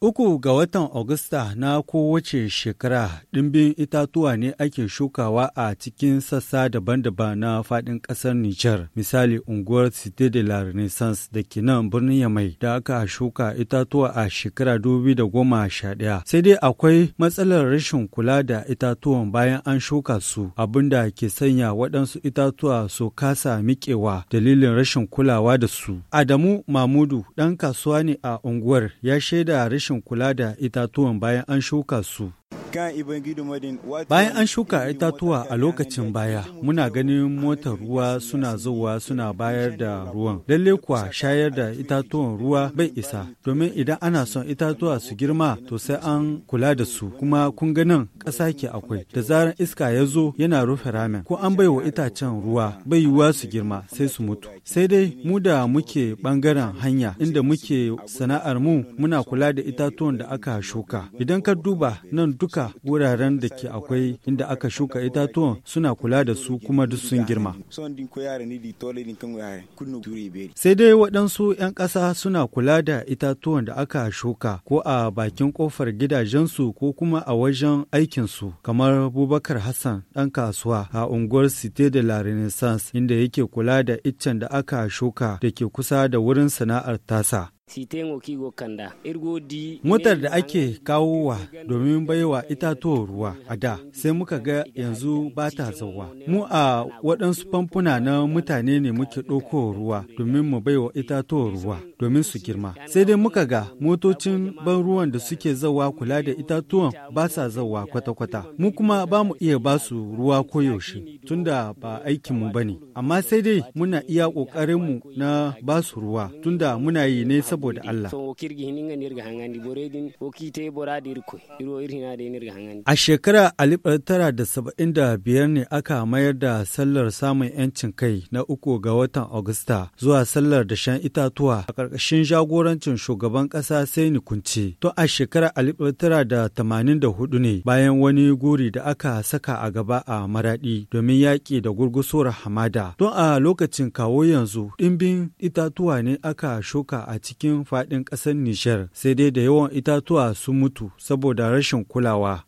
Uku ga watan Agusta na kowace shekara ɗimbin itatuwa ne ake shukawa a cikin sassa daban-daban na faɗin ƙasar Nijar. Misali unguwar Cité de la Renaissance da ke nan birnin Yamai da aka shuka itatuwa a shekara da goma sha ɗaya. Sai dai akwai matsalar rashin kula da itatuwan bayan an shuka su abinda ke sanya waɗansu itatuwa su kasa miƙewa dalilin rashin kulawa da su. Adamu Mamudu ɗan kasuwa ne a unguwar ya shaida rashin rashin kula da itatuwan bayan an shuka su. Bayan an shuka itatuwa a lokacin baya, muna ganin motar ruwa suna zuwa suna bayar da ruwan. Lalle kuwa shayar da itatuwan ruwa bai isa, domin idan ana son itatuwa su girma to sai an kula da su, kuma kun ganin ƙasa ke akwai. Da zarar iska ya zo yana rufe ramen, ko an bai wa itacen ruwa bai yiwuwa su girma sai su mutu. Sai dai mu da muke ɓangaren hanya inda muke sana'ar mu muna kula da itatuwan da aka shuka. Idan ka duba nan duka wuraren da ke akwai inda aka shuka itatuwan suna kula da su kuma duk sun girma. Sai dai waɗansu 'yan ƙasa suna kula da itatuwan da aka shuka ko a bakin ƙofar gidajensu ko kuma a wajen aikinsu kamar Bubakar Hassan ɗan kasuwa a unguwar Cité de la Renaissance inda yake kula da iccen da aka shuka da ke kusa da wurin sana'ar tasa. Motar da ake kawowa domin baiwa itatuwar ruwa a da sai muka ga yanzu ba ta zauwa. Mu a waɗansu famfuna na mutane ne muke ɗauko ruwa domin mu baiwa itatuwar ruwa domin su girma. Sai dai muka ga motocin ban ruwan da suke zauwa kula da itatuwan ba sa zauwa kwata-kwata. Mu kuma ba mu iya ba su ruwa koyaushe tun da ba aikinmu ba ne. Amma sai dai muna iya ƙoƙarinmu na ba su ruwa tun da muna yi ne saboda Allah. A shekara biyar ne aka mayar da sallar samun 'yancin kai na uku ga watan Agusta zuwa sallar da shan itatuwa a ƙarƙashin jagorancin shugaban ƙasa ni Kunce. To a shekara hudu ne bayan wani guri da aka saka a gaba a maraɗi domin yaƙi da gurgusuwar hamada. Don a lokacin kawo yanzu ɗimbin itatuwa ne aka shuka a cikin cikin faɗin ƙasar Nijar, sai dai da yawan itatuwa sun mutu saboda rashin kulawa.